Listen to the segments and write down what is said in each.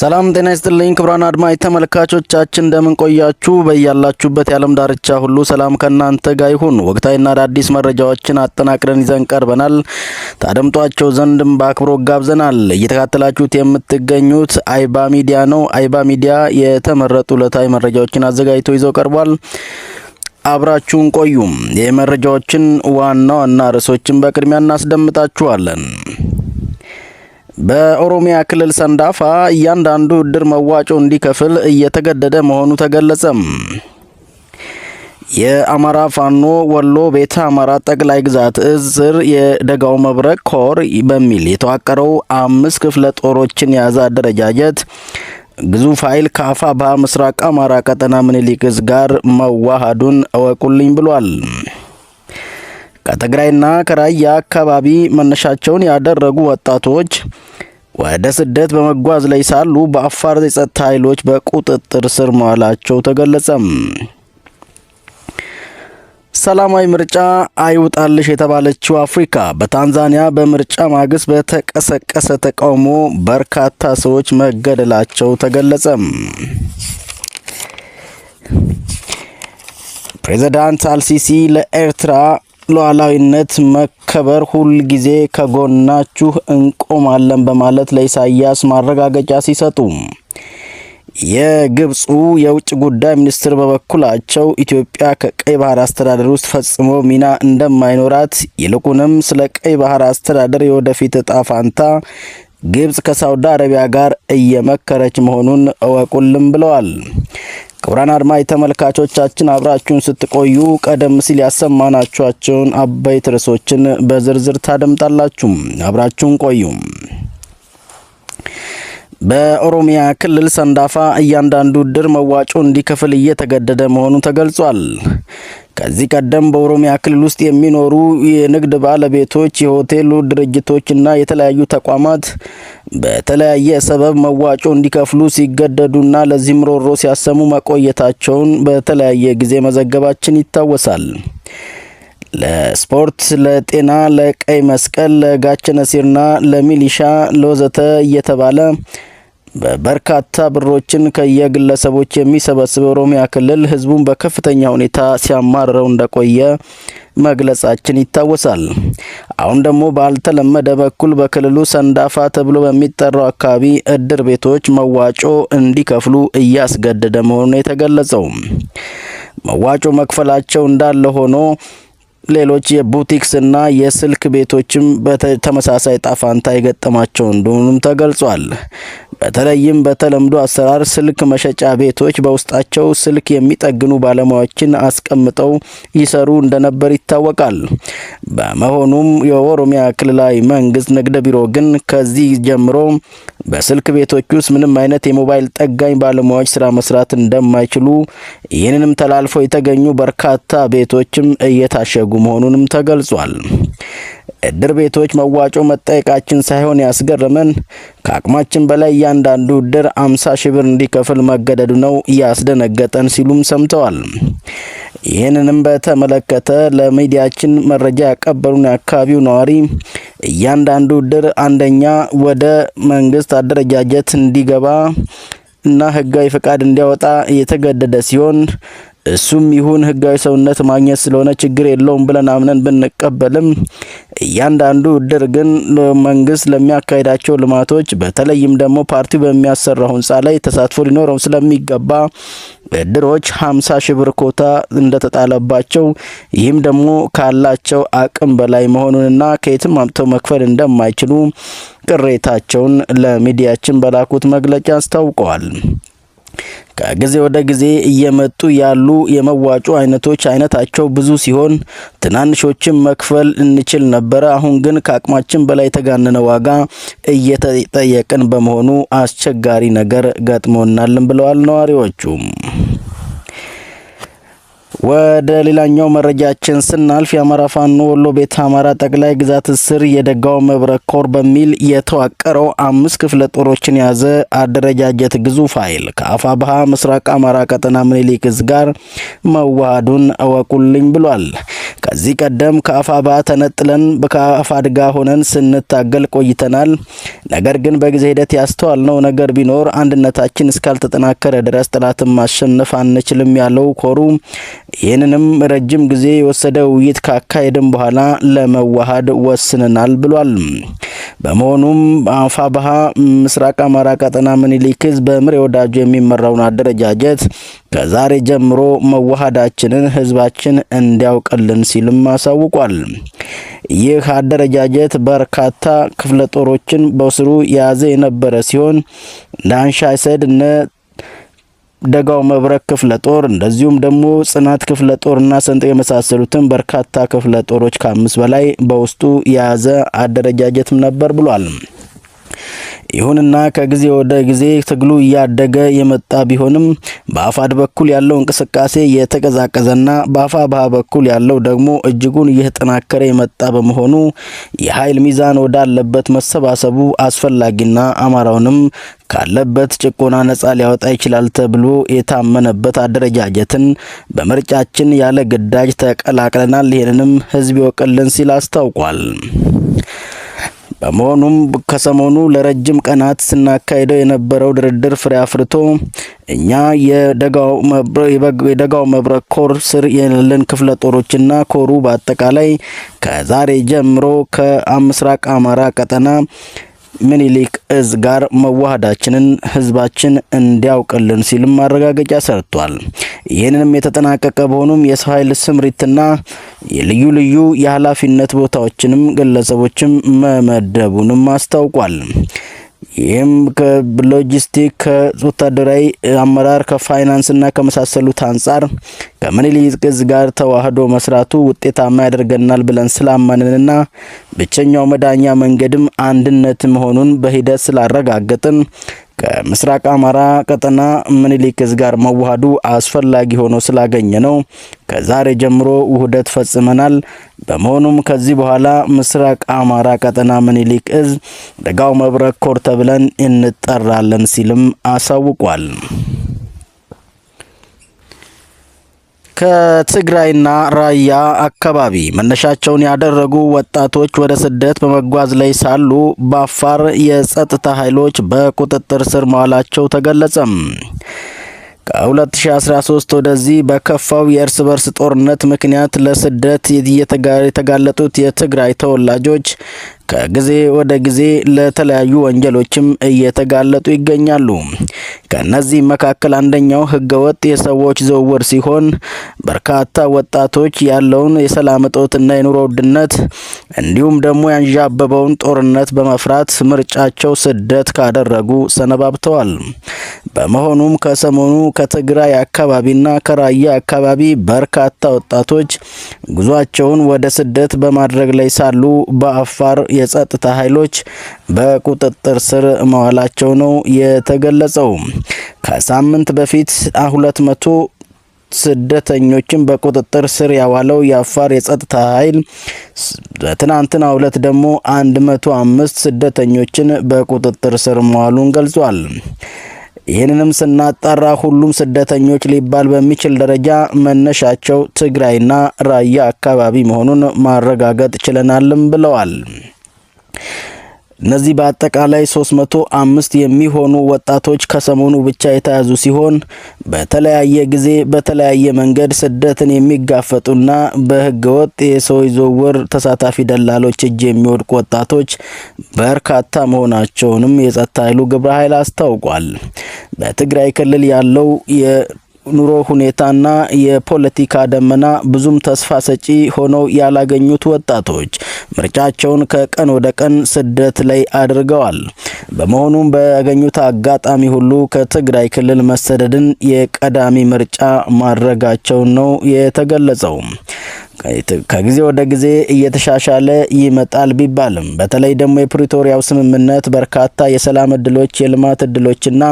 ሰላም ጤና ይስጥልኝ ክቡራን አድማጭ ተመልካቾቻችን እንደምን ቆያችሁ? በያላችሁበት የዓለም ዳርቻ ሁሉ ሰላም ከእናንተ ጋር ይሁን። ወቅታዊና አዳዲስ መረጃዎችን አጠናቅረን ይዘን ቀርበናል። ታደምጧቸው ዘንድም በአክብሮ ጋብዘናል። እየተካተላችሁት የምትገኙት አይባ ሚዲያ ነው። አይባ ሚዲያ የተመረጡ ዕለታዊ መረጃዎችን አዘጋጅቶ ይዘው ቀርቧል። አብራችሁን ቆዩም። የመረጃዎችን ዋና ዋና ርዕሶችን በቅድሚያ እናስደምጣችኋለን። በኦሮሚያ ክልል ሰንዳፋ እያንዳንዱ እድር መዋጮ እንዲከፍል እየተገደደ መሆኑ ተገለጸም። የአማራ ፋኖ ወሎ ቤተ አማራ ጠቅላይ ግዛት እዝር የደጋው መብረቅ ኮር በሚል የተዋቀረው አምስት ክፍለ ጦሮችን የያዘ አደረጃጀት ግዙፍ ኃይል ከአፋ ምስራቅ አማራ ቀጠና ምኒልክ እዝ ጋር መዋሃዱን እወቁልኝ ብሏል። ከትግራይና ከራያ አካባቢ መነሻቸውን ያደረጉ ወጣቶች ወደ ስደት በመጓዝ ላይ ሳሉ በአፋር የጸጥታ ኃይሎች በቁጥጥር ስር መዋላቸው ተገለጸም። ሰላማዊ ምርጫ አይውጣልሽ የተባለችው አፍሪካ በታንዛኒያ በምርጫ ማግስት በተቀሰቀሰ ተቃውሞ በርካታ ሰዎች መገደላቸው ተገለጸም። ፕሬዚዳንት አልሲሲ ለኤርትራ ሉዓላዊነት መከበር ጊዜ ከጎናችሁ እንቆማለን በማለት ለኢሳያስ ማረጋገጫ ሲሰጡ የግብፁ የውጭ ጉዳይ ሚኒስትር በበኩላቸው ኢትዮጵያ ከቀይ ባህር አስተዳደር ውስጥ ፈጽሞ ሚና እንደማይኖራት ይልቁንም ስለ ቀይ ባህር አስተዳደር የወደፊት እጣ ፋንታ ግብፅ ከሳውዲ አረቢያ ጋር እየመከረች መሆኑን እወቁልም ብለዋል። ክቡራን አድማጭ ተመልካቾቻችን አብራችሁን ስትቆዩ ቀደም ሲል ያሰማናችኋቸውን አበይት ርዕሶችን በዝርዝር ታደምጣላችሁ። አብራችሁን ቆዩ። በኦሮሚያ ክልል ሰንዳፋ እያንዳንዱ እድር መዋጮ እንዲከፍል እየተገደደ መሆኑ ተገልጿል። ከዚህ ቀደም በኦሮሚያ ክልል ውስጥ የሚኖሩ የንግድ ባለቤቶች፣ የሆቴሉ ድርጅቶችና የተለያዩ ተቋማት በተለያየ ሰበብ መዋጮ እንዲከፍሉ ሲገደዱና ለዚህም ሮሮ ሲያሰሙ መቆየታቸውን በተለያየ ጊዜ መዘገባችን ይታወሳል። ለስፖርት፣ ለጤና፣ ለቀይ መስቀል፣ ለጋቸነሲርና ለሚሊሻ ለወዘተ እየተባለ በርካታ ብሮችን ከየግለሰቦች የሚሰበስበው ኦሮሚያ ክልል ህዝቡን በከፍተኛ ሁኔታ ሲያማርረው እንደቆየ መግለጻችን ይታወሳል። አሁን ደግሞ ባልተለመደ በኩል በክልሉ ሰንዳፋ ተብሎ በሚጠራው አካባቢ እድር ቤቶች መዋጮ እንዲከፍሉ እያስገደደ መሆኑን የተገለጸው መዋጮ መክፈላቸው እንዳለ ሆኖ ሌሎች የቡቲክስ እና የስልክ ቤቶችም በተመሳሳይ ጣፋንታ የገጠማቸው እንደሆኑም ተገልጿል። በተለይም በተለምዶ አሰራር ስልክ መሸጫ ቤቶች በውስጣቸው ስልክ የሚጠግኑ ባለሙያዎችን አስቀምጠው ይሰሩ እንደነበር ይታወቃል። በመሆኑም የኦሮሚያ ክልላዊ መንግስት ንግድ ቢሮ ግን ከዚህ ጀምሮ በስልክ ቤቶች ውስጥ ምንም አይነት የሞባይል ጠጋኝ ባለሙያዎች ስራ መስራት እንደማይችሉ ይህንንም ተላልፈው የተገኙ በርካታ ቤቶችም እየታሸጉ መሆኑንም ተገልጿል። እድር ቤቶች መዋጮ መጠየቃችን ሳይሆን ያስገረመን ከአቅማችን በላይ እያንዳንዱ እድር አምሳ ሺህ ብር እንዲከፍል መገደዱ ነው እያስደነገጠን ሲሉም ሰምተዋል። ይህንንም በተመለከተ ለሚዲያችን መረጃ ያቀበሉን የአካባቢው ነዋሪ እያንዳንዱ ድር አንደኛ ወደ መንግስት አደረጃጀት እንዲገባ እና ህጋዊ ፈቃድ እንዲያወጣ የተገደደ ሲሆን እሱም ይሁን ህጋዊ ሰውነት ማግኘት ስለሆነ ችግር የለውም ብለን አምነን ብንቀበልም እያንዳንዱ እድር ግን መንግስት ለሚያካሂዳቸው ልማቶች በተለይም ደግሞ ፓርቲው በሚያሰራው ህንፃ ላይ ተሳትፎ ሊኖረው ስለሚገባ እድሮች ሀምሳ ሺህ ብር ኮታ እንደተጣለባቸው ይህም ደግሞ ካላቸው አቅም በላይ መሆኑንና ከየትም አምጥተው መክፈል እንደማይችሉ ቅሬታቸውን ለሚዲያችን በላኩት መግለጫ አስታውቀዋል። ከጊዜ ወደ ጊዜ እየመጡ ያሉ የመዋጮ አይነቶች አይነታቸው ብዙ ሲሆን ትናንሾችን መክፈል እንችል ነበረ። አሁን ግን ከአቅማችን በላይ የተጋነነ ዋጋ እየተጠየቅን በመሆኑ አስቸጋሪ ነገር ገጥሞናልን ብለዋል ነዋሪዎቹ። ወደ ሌላኛው መረጃችን ስናልፍ የአማራ ፋኖ ወሎ ቤት አማራ ጠቅላይ ግዛት ስር የደጋው መብረቅ ኮር በሚል የተዋቀረው አምስት ክፍለ ጦሮችን የያዘ አደረጃጀት ግዙፍ ኃይል ባሃ ምስራቅ አማራ ቀጠና ምኒልክ እዝ ጋር መዋሃዱን እወቁልኝ ብሏል። ከዚህ ቀደም ከአፋባ ተነጥለን ከአፋድጋ ሆነን ስንታገል ቆይተናል። ነገር ግን በጊዜ ሂደት ያስተዋልነው ነገር ቢኖር አንድነታችን እስካልተጠናከረ ድረስ ጥላትን ማሸነፍ አንችልም ያለው ኮሩ ይህንንም ረጅም ጊዜ የወሰደ ውይይት ካካሄድን በኋላ ለመዋሃድ ወስንናል ብሏል። በመሆኑም አፋባሃ ምስራቅ አማራ ቀጠና ምኒልክ ዕዝ በምሬ ወዳጁ የሚመራውን አደረጃጀት ከዛሬ ጀምሮ መዋሃዳችንን ህዝባችን እንዲያውቅልን ሲልም አሳውቋል። ይህ አደረጃጀት በርካታ ክፍለ ጦሮችን በስሩ የያዘ የነበረ ሲሆን ዳንሻ ሰድ እነ ደጋው መብረቅ ክፍለ ጦር እንደዚሁም ደግሞ ጽናት ክፍለ ጦርና ሰንጥ የመሳሰሉትን በርካታ ክፍለ ጦሮች ከአምስት በላይ በውስጡ የያዘ አደረጃጀትም ነበር ብሏል። ይሁንና ከጊዜ ወደ ጊዜ ትግሉ እያደገ የመጣ ቢሆንም በአፋድ በኩል ያለው እንቅስቃሴ የተቀዛቀዘና ባህ በኩል ያለው ደግሞ እጅጉን እየተጠናከረ የመጣ በመሆኑ የኃይል ሚዛን ወዳለበት መሰባሰቡ አስፈላጊና አማራውንም ካለበት ጭቆና ነፃ ሊያወጣ ይችላል ተብሎ የታመነበት አደረጃጀትን በምርጫችን ያለ ግዳጅ ተቀላቅለናል፣ ይህንንም ህዝብ ይወቅልን ሲል አስታውቋል። በመሆኑም ከሰሞኑ ለረጅም ቀናት ስናካሄደው የነበረው ድርድር ፍሬ አፍርቶ እኛ የደጋው መብረቅ ኮር ስር ያለን ክፍለ ጦሮችና ኮሩ በአጠቃላይ ከዛሬ ጀምሮ ከምስራቅ አማራ ቀጠና ምኒልክ እዝ ጋር መዋሃዳችንን ህዝባችን እንዲያውቅልን ሲልም ማረጋገጫ ሰጥቷል። ይህንንም የተጠናቀቀ በሆኑም የሰው ኃይል ስምሪትና የልዩ ልዩ የኃላፊነት ቦታዎችንም ግለሰቦችም መመደቡንም አስታውቋል። ይህም ከሎጂስቲክ፣ ከወታደራዊ አመራር፣ ከፋይናንስና ከመሳሰሉት አንጻር ከምኒልክ እዝ ጋር ተዋህዶ መስራቱ ውጤታማ ያደርገናል ብለን ስላመንንና ብቸኛው መዳኛ መንገድም አንድነት መሆኑን በሂደት ስላረጋገጥን ከምስራቅ አማራ ቀጠና ምኒልክ እዝ ጋር መዋሃዱ አስፈላጊ ሆኖ ስላገኘ ነው። ከዛሬ ጀምሮ ውህደት ፈጽመናል። በመሆኑም ከዚህ በኋላ ምስራቅ አማራ ቀጠና ምኒልክ እዝ ደጋው መብረቅ ኮር ተብለን እንጠራለን ሲልም አሳውቋል። ከትግራይና ራያ አካባቢ መነሻቸውን ያደረጉ ወጣቶች ወደ ስደት በመጓዝ ላይ ሳሉ በአፋር የጸጥታ ኃይሎች በቁጥጥር ስር መዋላቸው ተገለጸም። ከ2013 ወደዚህ በከፋው የእርስ በርስ ጦርነት ምክንያት ለስደት የተጋለጡት የትግራይ ተወላጆች ከጊዜ ወደ ጊዜ ለተለያዩ ወንጀሎችም እየተጋለጡ ይገኛሉ። ከነዚህ መካከል አንደኛው ህገወጥ የሰዎች ዝውውር ሲሆን በርካታ ወጣቶች ያለውን የሰላም እጦትና የኑሮ ውድነት እንዲሁም ደግሞ ያንዣበበውን ጦርነት በመፍራት ምርጫቸው ስደት ካደረጉ ሰነባብተዋል። በመሆኑም ከሰሞኑ ከትግራይ አካባቢና ከራያ አካባቢ በርካታ ወጣቶች ጉዟቸውን ወደ ስደት በማድረግ ላይ ሳሉ በአፋር የጸጥታ ኃይሎች በቁጥጥር ስር መዋላቸው ነው የተገለጸው። ከሳምንት በፊት ሁለት መቶ ስደተኞችን በቁጥጥር ስር ያዋለው የአፋር የጸጥታ ኃይል በትናንትናው ዕለት ደግሞ 105 ስደተኞችን በቁጥጥር ስር መዋሉን ገልጿል። ይህንንም ስናጣራ ሁሉም ስደተኞች ሊባል በሚችል ደረጃ መነሻቸው ትግራይና ራያ አካባቢ መሆኑን ማረጋገጥ ችለናልም ብለዋል። እነዚህ በአጠቃላይ 305 የሚሆኑ ወጣቶች ከሰሞኑ ብቻ የተያዙ ሲሆን በተለያየ ጊዜ በተለያየ መንገድ ስደትን የሚጋፈጡና በህገወጥ የሰዎች ዝውውር ተሳታፊ ደላሎች እጅ የሚወድቁ ወጣቶች በርካታ መሆናቸውንም የጸጥታ ኃይሉ ግብረ ኃይል አስታውቋል። በትግራይ ክልል ያለው የ ኑሮ ሁኔታና የፖለቲካ ደመና ብዙም ተስፋ ሰጪ ሆነው ያላገኙት ወጣቶች ምርጫቸውን ከቀን ወደ ቀን ስደት ላይ አድርገዋል። በመሆኑም በያገኙት አጋጣሚ ሁሉ ከትግራይ ክልል መሰደድን የቀዳሚ ምርጫ ማድረጋቸውን ነው የተገለጸው። ከጊዜ ወደ ጊዜ እየተሻሻለ ይመጣል ቢባልም በተለይ ደግሞ የፕሪቶሪያው ስምምነት በርካታ የሰላም እድሎች፣ የልማት እድሎችና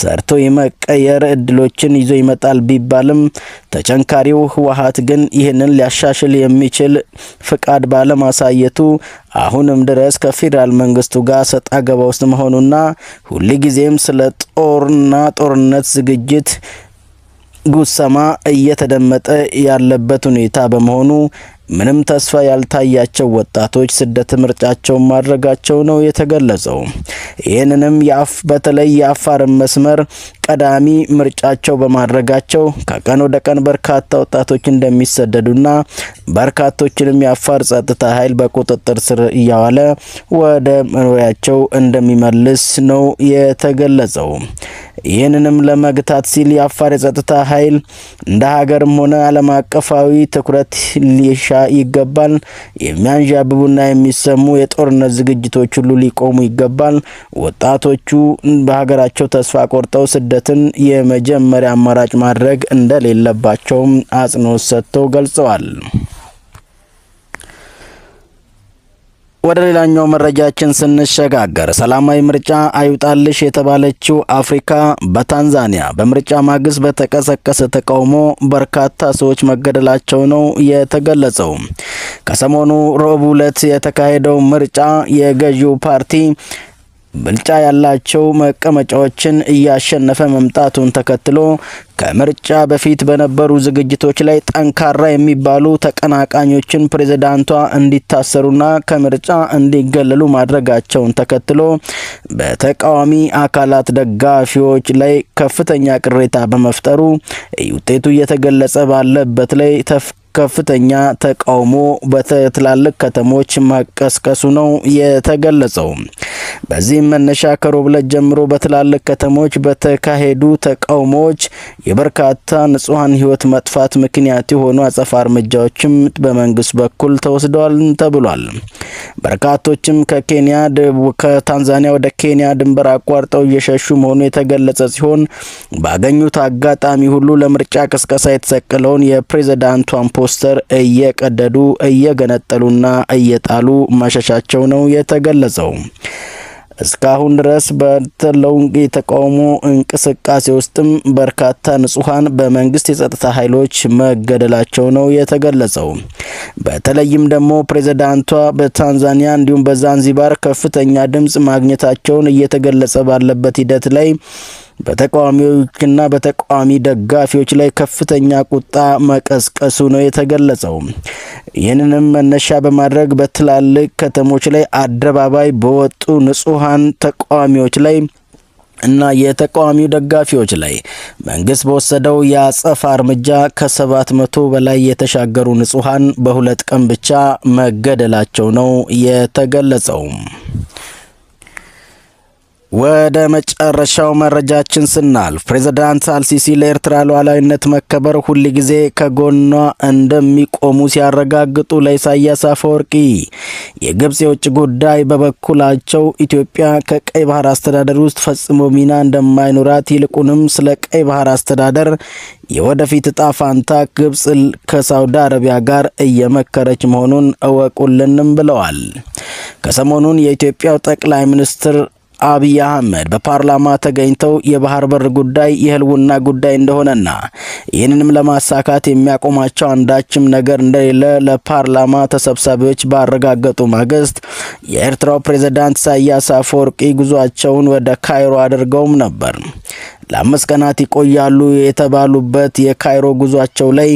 ሰርቶ የመቀየር እድሎችን ይዞ ይመጣል ቢባልም ተጨንካሪው ህወሓት ግን ይህንን ሊያሻሽል የሚችል ፍቃድ ባለማሳየቱ አሁንም ድረስ ከፌዴራል መንግስቱ ጋር ሰጣ ገባ ውስጥ መሆኑና ሁልጊዜም ስለ ጦርና ጦርነት ዝግጅት ጉሰማ እየተደመጠ ያለበት ሁኔታ በመሆኑ ምንም ተስፋ ያልታያቸው ወጣቶች ስደት ምርጫቸውን ማድረጋቸው ነው የተገለጸው። ይህንንም በተለይ የአፋርን መስመር ቀዳሚ ምርጫቸው በማድረጋቸው ከቀን ወደ ቀን በርካታ ወጣቶች እንደሚሰደዱና በርካቶችንም የአፋር ጸጥታ ኃይል በቁጥጥር ስር እያዋለ ወደ መኖሪያቸው እንደሚመልስ ነው የተገለጸው። ይህንንም ለመግታት ሲል የአፋር የጸጥታ ኃይል እንደ ሀገርም ሆነ ዓለም አቀፋዊ ትኩረት ሊሻ ይገባል። የሚያንዣብቡና የሚሰሙ የጦርነት ዝግጅቶች ሁሉ ሊቆሙ ይገባል። ወጣቶቹ በሀገራቸው ተስፋ ቆርጠው ስደት ሂደትን የመጀመሪያ አማራጭ ማድረግ እንደሌለባቸውም አጽንኦት ሰጥተው ገልጸዋል። ወደ ሌላኛው መረጃችን ስንሸጋገር ሰላማዊ ምርጫ አይውጣልሽ የተባለችው አፍሪካ በታንዛኒያ በምርጫ ማግስት በተቀሰቀሰ ተቃውሞ በርካታ ሰዎች መገደላቸው ነው የተገለጸው። ከሰሞኑ ረቡዕ ዕለት የተካሄደው ምርጫ የገዢው ፓርቲ ብልጫ ያላቸው መቀመጫዎችን እያሸነፈ መምጣቱን ተከትሎ ከምርጫ በፊት በነበሩ ዝግጅቶች ላይ ጠንካራ የሚባሉ ተቀናቃኞችን ፕሬዝዳንቷ እንዲታሰሩና ከምርጫ እንዲገለሉ ማድረጋቸውን ተከትሎ በተቃዋሚ አካላት ደጋፊዎች ላይ ከፍተኛ ቅሬታ በመፍጠሩ ውጤቱ እየተገለጸ ባለበት ላይ ከፍተኛ ተቃውሞ በትላልቅ ከተሞች ማቀስቀሱ ነው የተገለጸው። በዚህም መነሻ ከሮብለት ጀምሮ በትላልቅ ከተሞች በተካሄዱ ተቃውሞዎች የበርካታ ንጹሐን ሕይወት መጥፋት ምክንያት የሆኑ አጸፋ እርምጃዎችም በመንግስት በኩል ተወስደዋል ተብሏል። በርካቶችም ከኬንያ ከታንዛኒያ ወደ ኬንያ ድንበር አቋርጠው እየሸሹ መሆኑ የተገለጸ ሲሆን ባገኙት አጋጣሚ ሁሉ ለምርጫ ቅስቀሳ የተሰቀለውን የፕሬዝዳንቷን ፖስተር እየቀደዱ እየገነጠሉና እየጣሉ መሸሻቸው ነው የተገለጸው። እስካሁን ድረስ በተለው የተቃውሞ እንቅስቃሴ ውስጥም በርካታ ንጹሐን በመንግስት የጸጥታ ኃይሎች መገደላቸው ነው የተገለጸው። በተለይም ደግሞ ፕሬዝዳንቷ በታንዛኒያ እንዲሁም በዛንዚባር ከፍተኛ ድምፅ ማግኘታቸውን እየተገለጸ ባለበት ሂደት ላይ በተቃዋሚዎችና በተቃዋሚ ደጋፊዎች ላይ ከፍተኛ ቁጣ መቀስቀሱ ነው የተገለጸው። ይህንንም መነሻ በማድረግ በትላልቅ ከተሞች ላይ አደባባይ በወጡ ንጹሐን ተቃዋሚዎች ላይ እና የተቃዋሚው ደጋፊዎች ላይ መንግስት በወሰደው የአጸፋ እርምጃ ከሰባት መቶ በላይ የተሻገሩ ንጹሐን በሁለት ቀን ብቻ መገደላቸው ነው የተገለጸው። ወደ መጨረሻው መረጃችን ስናልፍ ፕሬዝዳንት አልሲሲ ለኤርትራ ሉዓላዊነት መከበር ሁል ጊዜ ከጎኗ እንደሚቆሙ ሲያረጋግጡ ለኢሳያስ አፈወርቂ የግብፅ የውጭ ጉዳይ በበኩላቸው ኢትዮጵያ ከቀይ ባህር አስተዳደር ውስጥ ፈጽሞ ሚና እንደማይኖራት ይልቁንም ስለ ቀይ ባህር አስተዳደር የወደፊት እጣ ፋንታ ግብፅ ከሳውዲ አረቢያ ጋር እየመከረች መሆኑን እወቁልንም ብለዋል። ከሰሞኑን የኢትዮጵያው ጠቅላይ ሚኒስትር አብይ አህመድ በፓርላማ ተገኝተው የባህር በር ጉዳይ የህልውና ጉዳይ እንደሆነና ይህንንም ለማሳካት የሚያቆማቸው አንዳችም ነገር እንደሌለ ለፓርላማ ተሰብሳቢዎች ባረጋገጡ ማግስት የኤርትራው ፕሬዝዳንት ኢሳያስ አፈወርቂ ጉዟቸውን ወደ ካይሮ አድርገውም ነበር። ለአምስት ቀናት ይቆያሉ የተባሉበት የካይሮ ጉዟቸው ላይ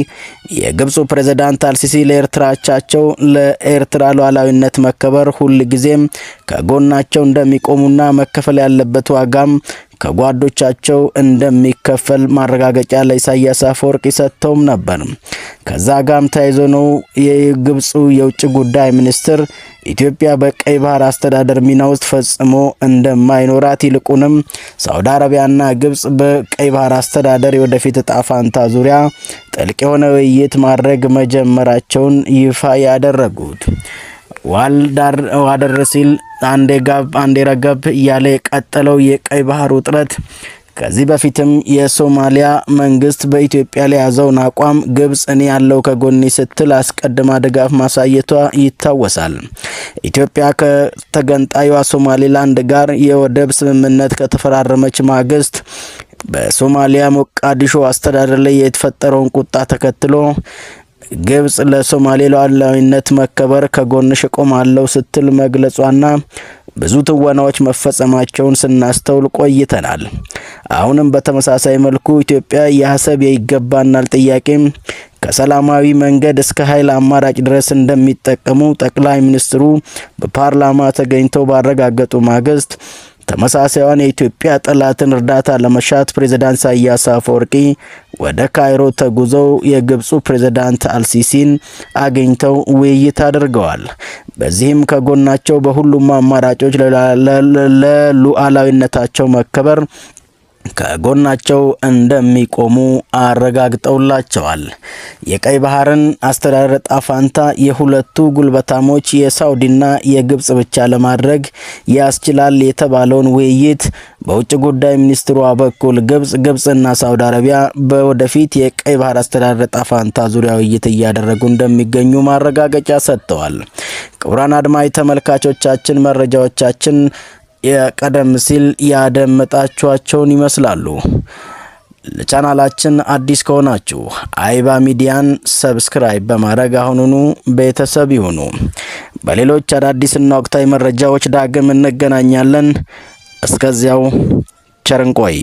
የግብፁ ፕሬዝዳንት አልሲሲ ለኤርትራቻቸው ለኤርትራ ሉዓላዊነት መከበር ሁል ጊዜም ከጎናቸው እንደሚቆሙና መከፈል ያለበት ዋጋም ከጓዶቻቸው እንደሚከፈል ማረጋገጫ ለኢሳያስ አፈወርቂ ሰጥተውም ነበር። ከዛ ጋም ተያይዞ ነው የግብፁ የውጭ ጉዳይ ሚኒስትር ኢትዮጵያ በቀይ ባህር አስተዳደር ሚና ውስጥ ፈጽሞ እንደማይኖራት ይልቁንም ሳውዲ አረቢያና ግብፅ በቀይ ባህር አስተዳደር የወደፊት እጣ ፋንታ ዙሪያ ጥልቅ የሆነ ውይይት ማድረግ መጀመራቸውን ይፋ ያደረጉት ዋልዳር ሲል አንዴ ጋብ አንዴ ረገብ እያለ የቀጠለው የቀይ ባህር ውጥረት ከዚህ በፊትም የሶማሊያ መንግስት በኢትዮጵያ ላይ ያዘውን አቋም ግብጽ እኔ ያለው ከጎኔ ስትል አስቀድማ ድጋፍ ማሳየቷ ይታወሳል። ኢትዮጵያ ከተገንጣዩዋ ሶማሊላንድ ጋር የወደብ ስምምነት ከተፈራረመች ማግስት በሶማሊያ ሞቃዲሾ አስተዳደር ላይ የተፈጠረውን ቁጣ ተከትሎ ግብጽ ለሶማሌ ሉዓላዊነት መከበር ከጎንሽ እቆማለሁ ስትል መግለጿና ብዙ ትወናዎች መፈጸማቸውን ስናስተውል ቆይተናል። አሁንም በተመሳሳይ መልኩ ኢትዮጵያ የአሰብ የይገባናል ጥያቄም ከሰላማዊ መንገድ እስከ ኃይል አማራጭ ድረስ እንደሚጠቀሙ ጠቅላይ ሚኒስትሩ በፓርላማ ተገኝተው ባረጋገጡ ማግስት ተመሳሳዩን የኢትዮጵያ ጠላትን እርዳታ ለመሻት ፕሬዝዳንት ኢሳያስ አፈወርቂ ወደ ካይሮ ተጉዘው የግብፁ ፕሬዝዳንት አልሲሲን አግኝተው ውይይት አድርገዋል። በዚህም ከጎናቸው በሁሉም አማራጮች ለሉዓላዊነታቸው መከበር ከጎናቸው እንደሚቆሙ አረጋግጠውላቸዋል። የቀይ ባህርን አስተዳደር ጣፋንታ የሁለቱ ጉልበታሞች የሳውዲና የግብጽ ብቻ ለማድረግ ያስችላል የተባለውን ውይይት በውጭ ጉዳይ ሚኒስትሯ በኩል ግብጽ ግብጽና ሳውዲ አረቢያ በወደፊት የቀይ ባህር አስተዳደር ጣፋንታ ዙሪያ ውይይት እያደረጉ እንደሚገኙ ማረጋገጫ ሰጥተዋል። ክቡራን አድማጭ ተመልካቾቻችን መረጃዎቻችን የቀደም ሲል ያደመጣችኋቸውን ይመስላሉ። ለቻናላችን አዲስ ከሆናችሁ አይባ ሚዲያን ሰብስክራይብ በማድረግ አሁኑኑ ቤተሰብ ይሁኑ። በሌሎች አዳዲስና ወቅታዊ መረጃዎች ዳግም እንገናኛለን። እስከዚያው ቸርንቆይ